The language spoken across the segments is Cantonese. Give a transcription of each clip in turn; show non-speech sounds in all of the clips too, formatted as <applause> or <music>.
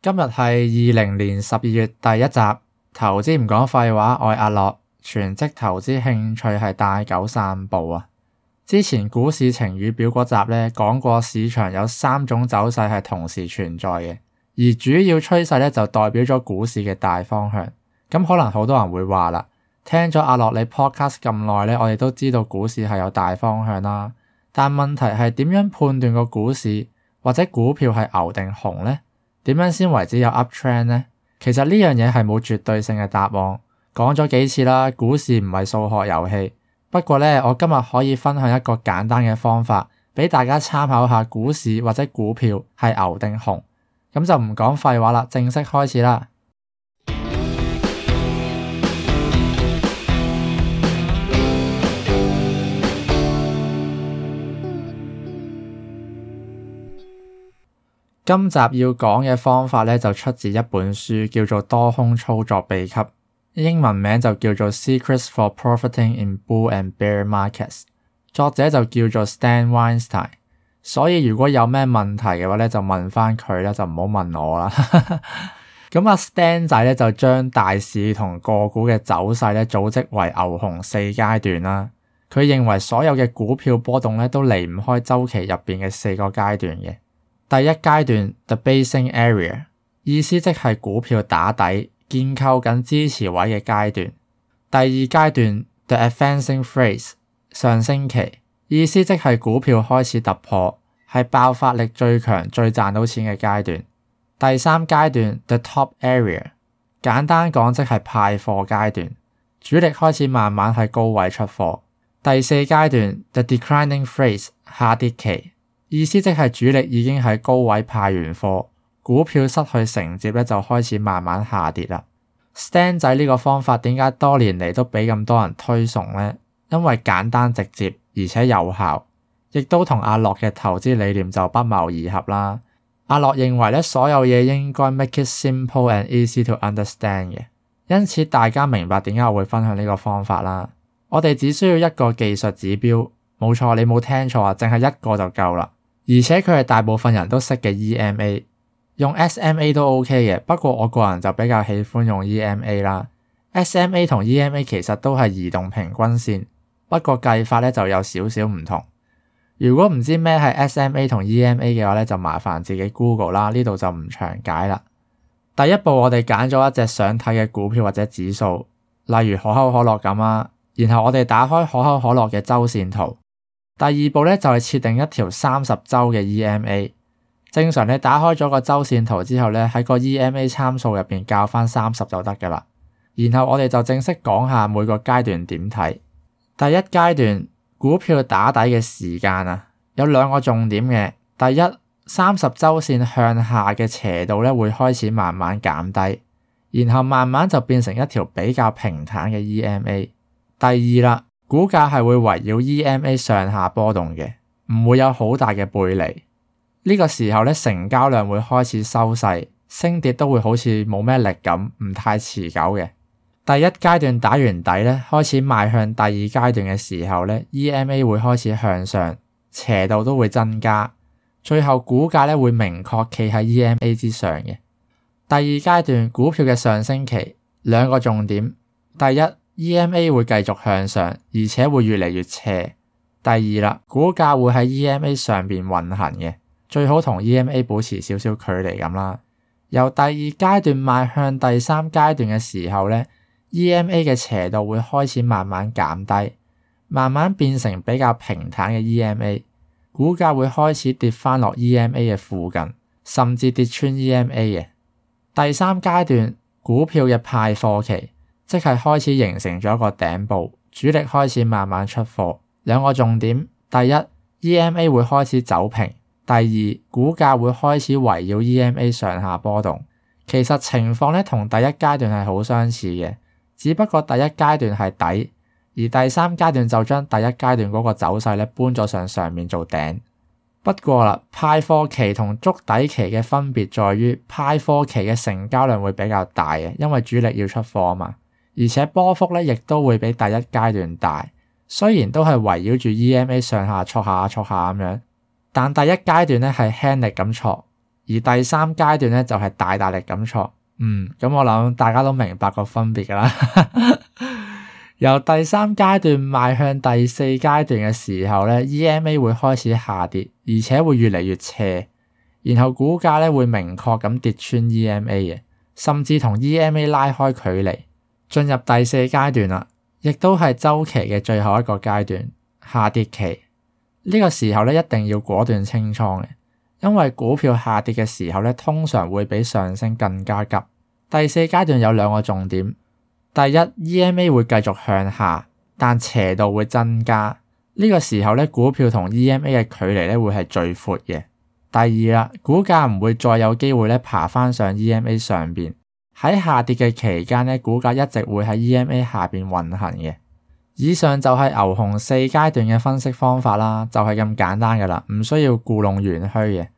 今日係二零年十二月第一集，投資唔講廢話。我係阿樂，全職投資興趣係帶狗散步啊。之前股市晴雨表嗰集咧講過，市場有三種走勢係同時存在嘅，而主要趨勢咧就代表咗股市嘅大方向。咁可能好多人會話啦，聽咗阿樂你 Podcast 咁耐咧，我哋都知道股市係有大方向啦，但問題係點樣判斷個股市或者股票係牛定熊咧？點樣先為止有 up trend 咧？其實呢樣嘢係冇絕對性嘅答案。講咗幾次啦，股市唔係數學遊戲。不過咧，我今日可以分享一個簡單嘅方法俾大家參考下，股市或者股票係牛定熊。咁就唔講廢話啦，正式開始啦。今集要講嘅方法咧，就出自一本書，叫做《多空操作秘笈》，英文名就叫做《Secrets for Profiting in Bull and Bear Markets》，作者就叫做 Stan Weinstein。所以如果有咩問題嘅話咧，就問翻佢啦，就唔好問我啦。咁 <laughs> 阿、啊、Stan 仔咧就將大市同個股嘅走勢咧組織為牛熊四階段啦。佢認為所有嘅股票波動咧都離唔開周期入邊嘅四個階段嘅。第一階段 the basing area，意思即係股票打底、建構緊支持位嘅階段。第二階段 the advancing phase 上升期，意思即係股票開始突破，係爆發力最強、最賺到錢嘅階段。第三階段 the top area，簡單講即係派貨階段，主力開始慢慢喺高位出貨。第四階段 the declining phase 下跌期。意思即係主力已經喺高位派完貨，股票失去承接咧，就開始慢慢下跌啦。Stan 仔呢個方法點解多年嚟都俾咁多人推崇咧？因為簡單直接，而且有效，亦都同阿樂嘅投資理念就不謀而合啦。阿樂認為咧所有嘢應該 make it simple and easy to understand 嘅，因此大家明白點解我會分享呢個方法啦。我哋只需要一個技術指標，冇錯，你冇聽錯啊，淨係一個就夠啦。而且佢係大部分人都識嘅 EMA，用 SMA 都 OK 嘅。不過我個人就比較喜歡用 EMA 啦。SMA 同 EMA 其實都係移動平均線，不過計法咧就有少少唔同。如果唔知咩係 SMA 同 EMA 嘅話咧，就麻煩自己 Google 啦。呢度就唔詳解啦。第一步我哋揀咗一隻想睇嘅股票或者指數，例如可口可樂咁啊。然後我哋打開可口可樂嘅周線圖。第二步咧就係設定一條三十周嘅 EMA。正常你打開咗個周線圖之後咧，喺個 EMA 參數入邊校翻三十就得噶啦。然後我哋就正式講下每個階段點睇。第一階段股票打底嘅時間啊，有兩個重點嘅。第一，三十周線向下嘅斜度咧會開始慢慢減低，然後慢慢就變成一條比較平坦嘅 EMA。第二啦。股價係會圍繞 EMA 上下波動嘅，唔會有好大嘅背離。呢個時候咧，成交量會開始收細，升跌都會好似冇咩力咁，唔太持久嘅。第一階段打完底咧，開始邁向第二階段嘅時候咧，EMA 會開始向上，斜度都會增加，最後股價咧會明確企喺 EMA 之上嘅。第二階段股票嘅上升期，兩個重點，第一。EMA 會繼續向上，而且會越嚟越斜。第二啦，股價會喺 EMA 上邊運行嘅，最好同 EMA 保持少少距離咁啦。由第二階段邁向第三階段嘅時候咧，EMA 嘅斜度會開始慢慢減低，慢慢變成比較平坦嘅 EMA。股價會開始跌翻落 EMA 嘅附近，甚至跌穿 EMA 嘅。第三階段，股票嘅派貨期。即係開始形成咗一個頂部，主力開始慢慢出貨。兩個重點：第一，EMA 會開始走平；第二，股價會開始圍繞 EMA 上下波動。其實情況咧同第一階段係好相似嘅，只不過第一階段係底，而第三階段就將第一階段嗰個走勢咧搬咗上上面做頂。不過啦，派貨期同築底期嘅分別在於派貨期嘅成交量會比較大嘅，因為主力要出貨啊嘛。而且波幅咧，亦都會比第一階段大。雖然都係圍繞住 EMA 上下挫下挫下咁樣，但第一階段咧係輕力咁挫，而第三階段咧就係、是、大大力咁挫。嗯，咁我諗大家都明白個分別㗎啦。 <laughs> 由第三階段邁向第四階段嘅時候咧，EMA 會開始下跌，而且會越嚟越斜，然後股價咧會明確咁跌穿 EMA 嘅，甚至同 EMA 拉開距離。進入第四階段啦，亦都係週期嘅最後一個階段，下跌期。呢個時候咧，一定要果斷清倉嘅，因為股票下跌嘅時候咧，通常會比上升更加急。第四階段有兩個重點：第一，EMA 會繼續向下，但斜度會增加。呢個時候咧，股票同 EMA 嘅距離咧會係最闊嘅。第二啦，股價唔會再有機會咧爬返上 EMA 上邊。喺下跌嘅期間咧，股價一直會喺 EMA 下邊運行嘅。以上就係牛熊四階段嘅分析方法啦，就係咁簡單㗎啦，唔需要故弄玄虛嘅。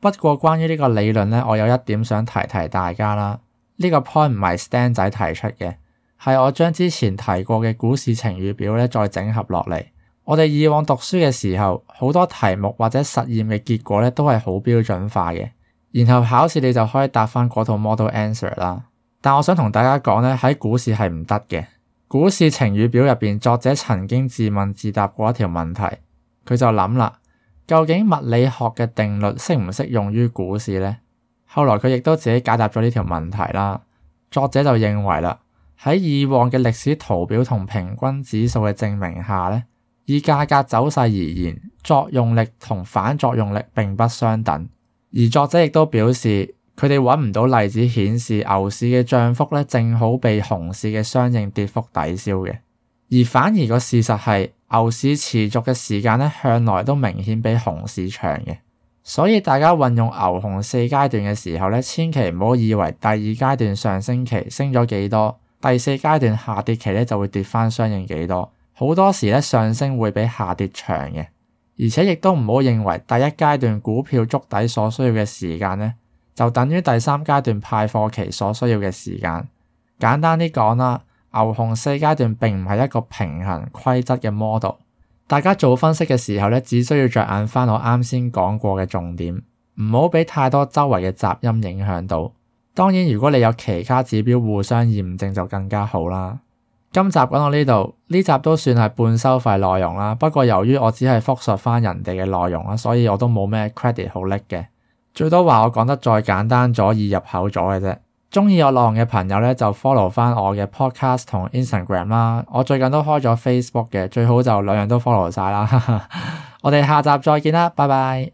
不過關於呢個理論咧，我有一點想提提大家啦。呢個 point 唔係 Stan 仔提出嘅，係我將之前提過嘅股市晴雨表咧再整合落嚟。我哋以往讀書嘅時候，好多題目或者實驗嘅結果咧都係好標準化嘅。然後考試你就可以答翻嗰套 model answer 啦。但我想同大家講咧，喺股市係唔得嘅。股市晴雨表入邊，作者曾經自問自答過一條問題，佢就諗啦，究竟物理學嘅定律適唔適用於股市咧？後來佢亦都自己解答咗呢條問題啦。作者就認為啦，喺以往嘅歷史圖表同平均指數嘅證明下咧，以價格走勢而言，作用力同反作用力並不相等。而作者亦都表示，佢哋揾唔到例子顯示牛市嘅漲幅咧，正好被熊市嘅相應跌幅抵消嘅。而反而個事實係，牛市持續嘅時間咧，向來都明顯比熊市長嘅。所以大家運用牛熊四階段嘅時候咧，千祈唔好以為第二階段上升期升咗幾多，第四階段下跌期咧就會跌翻相應幾多。好多時咧，上升會比下跌長嘅。而且亦都唔好認為第一階段股票築底所需要嘅時間咧，就等於第三階段派貨期所需要嘅時間。簡單啲講啦，牛熊四階段並唔係一個平衡規則嘅 model。大家做分析嘅時候咧，只需要着眼翻我啱先講過嘅重點，唔好俾太多周圍嘅雜音影響到。當然，如果你有其他指標互相驗證就更加好啦。今集講到呢度，呢集都算係半收費內容啦。不過由於我只係複述翻人哋嘅內容啦，所以我都冇咩 credit 好叻嘅。最多話我講得再簡單咗，易入口咗嘅啫。中意我內容嘅朋友咧，就 follow 翻我嘅 podcast 同 Instagram 啦。我最近都開咗 Facebook 嘅，最好就兩樣都 follow 晒啦。 <laughs> 我哋下集再見啦，拜拜。